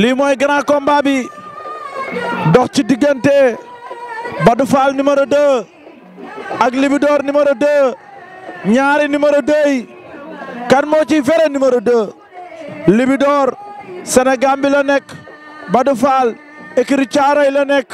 lii mooy grand combat bi dox ci diggante Badou Fall numéro 2 ak Libidor numéro 2 ñaari numéro 2 kan moo ciy fere numéro 2 Libidor Sénégal bi la nekk Badou Fall écurie Thiaroye la nekk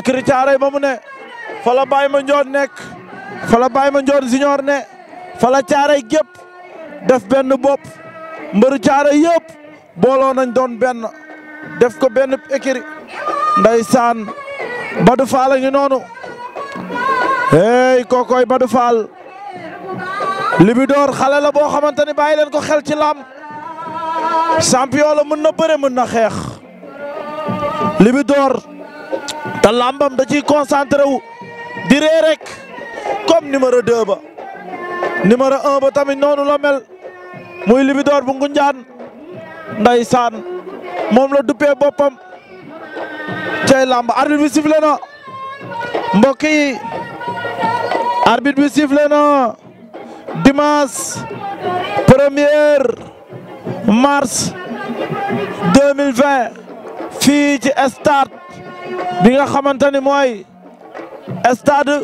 écurie Thiaroye ba mu ne fa la Baye Mandione nekk fa la Baye Mandione junior ne fa la gépp def benn bopp. mbëru caara yëpp booloo nañ doon benn def ko benn ékiri ndeysaan Badou Fall a ngi noonu hey kookoy Badou Fall Libidor xale la boo xamante ni bàyyi leen ko xel ci lamb champion la mën na bëre mën na xeex Libidor te lambam da ciy concentré wu di ree rek comme numéro 2 ba numéro 1 ba noonu la mel muy Libidor bu Ngunjaan ndeysaan moom la duppee boppam cey làmb arbitre bi sifflé na mbokk yi arbitre bi sifflé na dimanche premier mars 2020 fii ci stade bi nga xamante ni mooy stade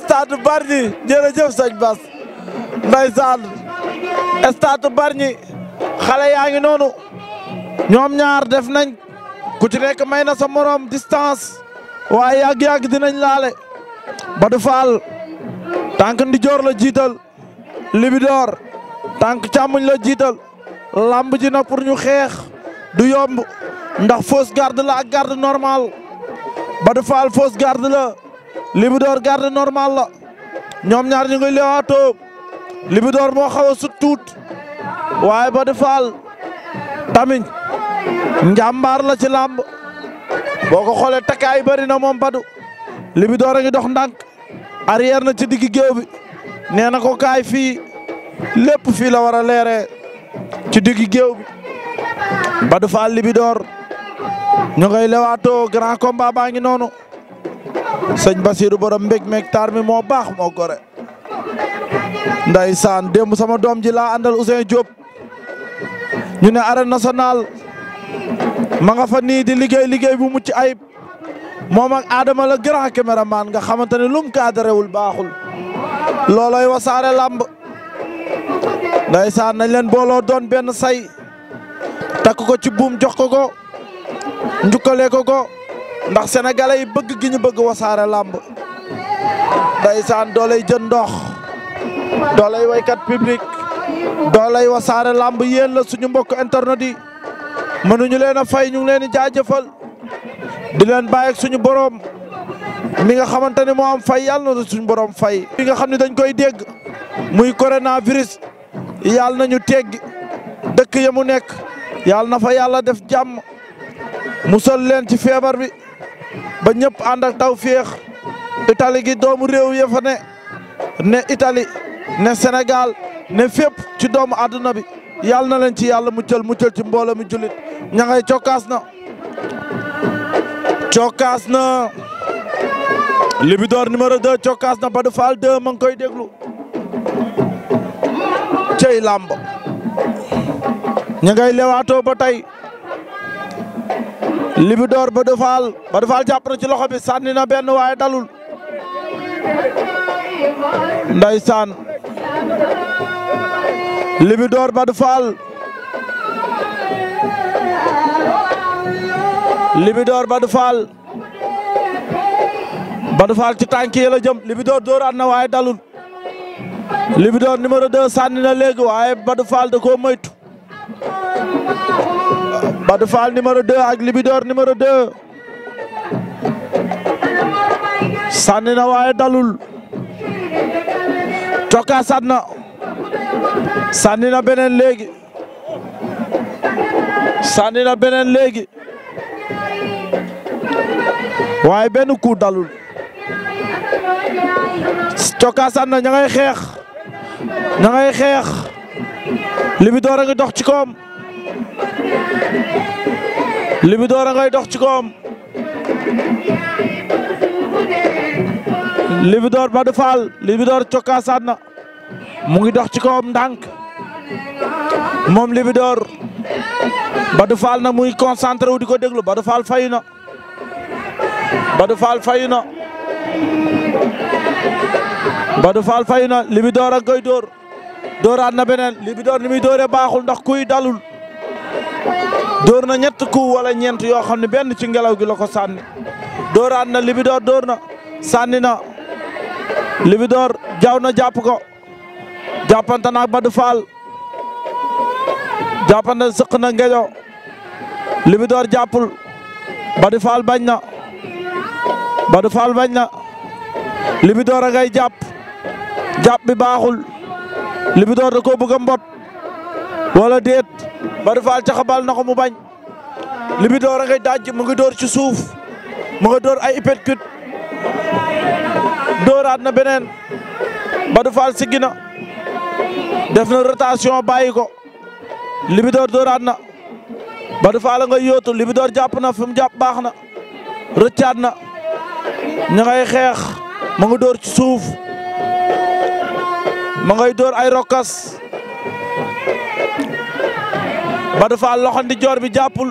stade Bargny jërëjëf sëñ Bass ndeysaan stade Bargny xale yaa ngi noonu ñoom ñaar def nañ ku ci nekk may na sa morom distance waaye yàgg-yàgg dinañ laale Badou Fall tànk ndijoor la jiital Libidor tànk càmmuñ la jiital lamb ji na pour ñu xeex du yomb ndax fausse garde la ak garde Badou Fall fausse garde la Libidor garde normal la ñoom ñaar ñu ngi leewaatoo Libidor moo xaw a sut tuut waaye Badou Fall tamit njàmbaar la ci làmb boo ko xoolee takkaay bëri na moom Badou Libidor a ngi dox ndànk arrière na ci digg géew bi nee ko kaay fii lépp fii la war a leeree ci digg géew bi Badou Fall Libidor ñu ngay lewaatoo grand combat baa ngi noonu sëñ Basiru borom mbég meeg taar mi moo baax moo gore ndeysaan démb sama doom ji laa àndal Ousin Diop ñu ne arène nationale ma nga fa nii di liggéey liggéey bu mucc ayib moo ak Adama la grand caméraman nga xamante ne lum kadarewul baaxul looloy wasaare làmb ndeysaan nañ leen booloo doon benn say takk ko ci buum jox ko ko njukkale ko ko ndax sénégalais yi bëgg gi ñu bëgg wasaare làmb ndeysaan doolay jën ndox doolay waykat public doolay wasaare làmb yéen la suñu mbokk internet yi mënuñu leen a fay ñu ngi leen di jaajëfal di leen bàyyi suñu boroom mi nga xamante ne moo am fay yàlla na suñu boroom fay bi nga xam ne dañ koy dégg muy coronavirus yàlla nañu teggi dëkk ya mu nekk yàlla na fa yàlla def jàmm musal leen ci feebar bi ba ñëpp ànd ak taw féex gi doomu réew ya fa ne ne Italie ne Sénégal ne fépp ci doomu àdduna bi yàlla na leen ci yàlla muccal muccal ci mbooloo mi jullit ña ngay cokkaas na cokkaas na numéro 2 cokkaas na Badou Fall 2 ma ngi koy déglu cey làmb ña ngay ba tey Libidor Badou Fall Badou Fall jàpp na ci loxo bi sànni na benn waaye dalul ndeysaan Libidor Badou Fall Libidor Badou Fall Badou Fall ci tànk yi la jëm Libidor dóoraat na waaye dalul Libidor numéro 2 sànni na léegi waaye Badou Fall da koo moytu Badou Fall numéro 2 ak Libidor numéro 2. sànni waaye dalul. cokkaasaat na. na beneen léegi. sànni na beneen léegi. waaye benn coup dalul. cokkaasaat na ña xeex. ña xeex. Libidor a ngi dox ci koom Libidor a ngay dox ci koom Libidor Badou Fall Libidor cokkaasaat na mu ngi dox ci koom ndànk moom Libidor Badou Fall na muy concentré wu di ko déglu Badou Fall fayu na Badou Fall fayu na Badou Fall fayu na Libidor a koy dóor dooraat na beneen Libidor ni muy doore baaxul ndax kuy dalul dóor na ñett ku walla ñeent yoo xam ne benn ci ngelaw gi la ko sànni dooraat na Libidor door na sànni na Libidor jaaw na jàpp ko jàppante na ak Badou Fall jàppante sëq na ngejo Libidor jàppul Badou Fall bañ na Badou Fall bañ na Libidor a ngay jàpp jàpp bi baaxul Libidor da koo bëgg a mbot wala déet Badou Fall caxabal na ko mu bañ Libidor a ngay daj mu ngi door ci suuf mu ngi door ay uppercut dooraat na beneen Badou Fall siggi def na rotation bàyyi ko Libidor dooraat na Badou Fall nga yóotu Libidor jàpp na fi mu jàpp baax na rëccaat na ñu xeex mu ngi door ci suuf ma dóor ay rokkas Badou Fall loxo ndijoor bi jàppul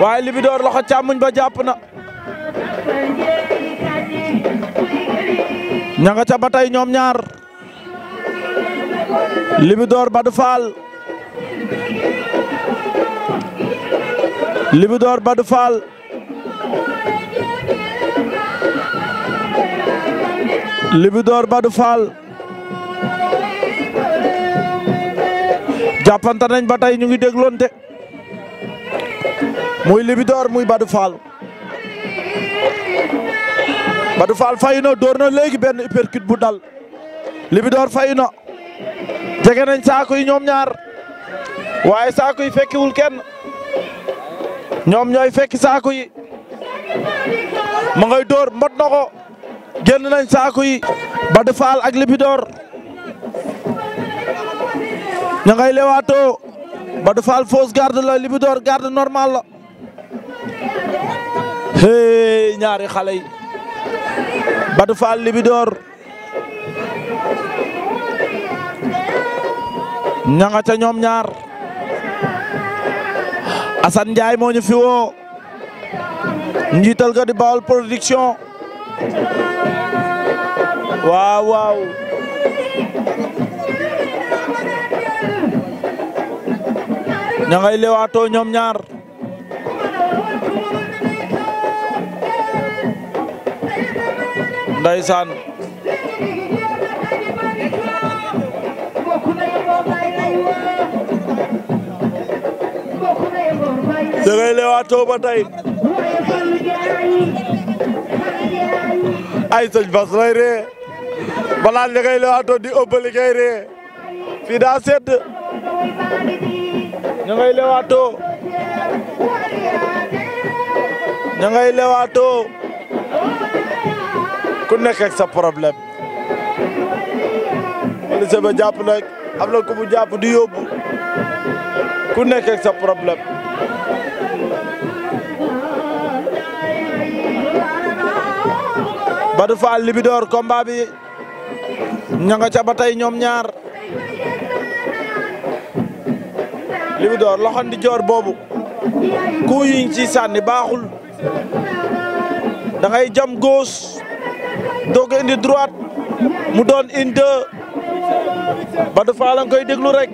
waaye Libidor loxo càmmuñ ba jàpp na ña nga ca ba ñoom ñaar Libidor Badou Fall Libidor Badou Fall Libidor Badou Fall jàppante nañ ba tey ñu ngi dégloonte muy Libidor muy Badou Fall Badou Fall fayu na léegi benn uppercut bu dal Libidor fayu na jege nañ saako yi ñoom ñaar waaye saako yi fekkiwul kenn ñoom ñooy fekki saako yi ma ngay dóor mbot na ko génn nañ saako yi Badou Fall ak Libidor ña ngay lewaatoo Badou Fall garde la Libidor garde normal la hey ñaari xale yi Badou Fall Libidor ca ñoom ñaar Assane Ndiaye moo ñu fi woo njiital ga di Baol production waaw waaw ña ngay lewaatoo ñoom ñaar ndaysaan da ngay lewaatoo ba ay sëñ Bas lay ree balaa da ngay lewaatoo di ëppali ree fii daa sedd ña ngay lewaatoo ña ngay lewaatoo ku nekk sa problème Pélissé ba jàpp nag am na ku di yóbbu ku nekk sa problème Badou Fall Libidor combat bi ña nga ca ñoom ñaar Libidor loxo joor boobu ku yi ñu ciy sànni baaxul da jam gauche doog indi droite mu doon une deux Badou koy déglu rek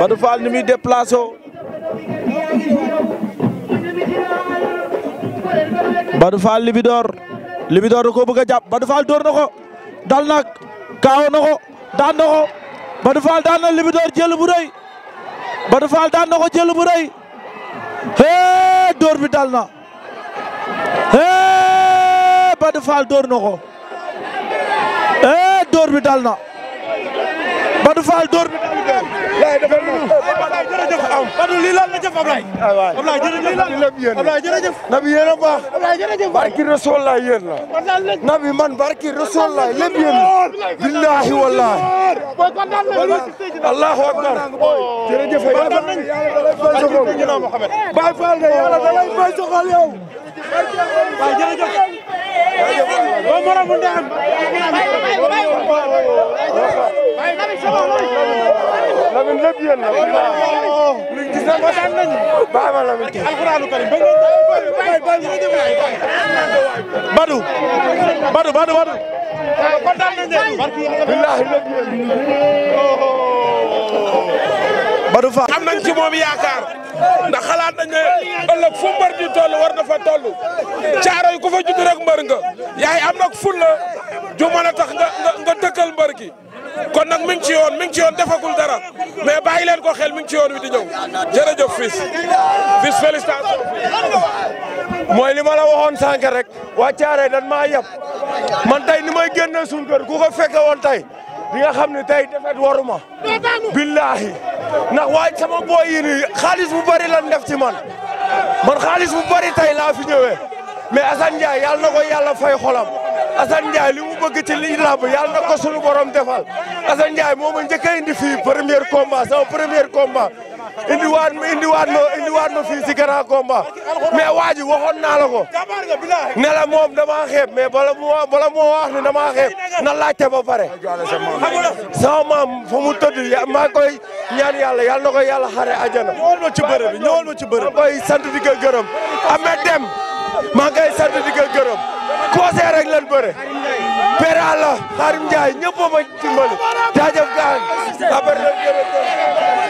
Badou Fall ni muy déplacé Badou Fall Libidor Libidor da ko bëgg a jàpp Badou Fall dóor dal na kaaw na daan na Badou Fall daan na Libidor jël bu rëy Badou Fall ko jël bu hee door bi dal na hee Badou Fall door na ko hee door bi dal na Badou Fall bi dal Nabi yéen barki Rasool la yéen Nabi man barki Rasool la lépp yéen. wallaahi. allahu akbar jërëjëf yàlla dalay fay soxol yow ba moromu ndeyam Lamine lépp yéen la luñ gis nag daan nañu ba ma Lamine kii alxuraanu karim Badou Badou Badou Badou kontaan nañu barki billahi lépp yéen oh. Badou Fall am nañ ci moom yaakaar ndax xalaat nañ ne ëllëg fu mbër di toll war na fa toll caaro yi ku fa judd rek mbër nga yaay am nag ful la ju mën a tax nga nga dëkkal mbër gi kon nag mi ngi ci yoon mi ci yoon defagul dara mais bàyyi leen ko xel mi ngi ci yoon wi di ñëw jërëjëf fils fils félicitation mooy li ma la waxoon sànq rek waa caare dan maa yab man tey ni may génne suñu kër ku ko fekke woon tey di nga xam ne tey defet waruma billahi ndax waaye sama booy yi nii xaalis bu bëri lan def ci man man xaalis bu bëri tey laa fi ñëwee mais Assane Ndiaye yàlla na ko yàlla fay xolam. Assane Ndiaye li mu bëgg ci liñ làmb yàlla na ko sunu borom defal Assane Ndiaye moo ma njëkk a indi fii premier combat sama premier combat indiwaat ma indiwaat ma indiwaat ma fii si grand combat mais waa ji naa la ko ne la moom damaa xeeb mais bala mu bala moo wax ne damaa xeeb na laajte ba pare. sama maam fa mu tëdd maa koy ñaan yàlla yàlla na ko yàlla xare àjjana. ñëwal ma ma ci bërëb koy sant gërëm Ahmed Deme. maa ngi koy di ko gërëm conseil rek bëre Pera la Xarim ñëpp a ma dimbali jaajëf gaañ après lan gërëm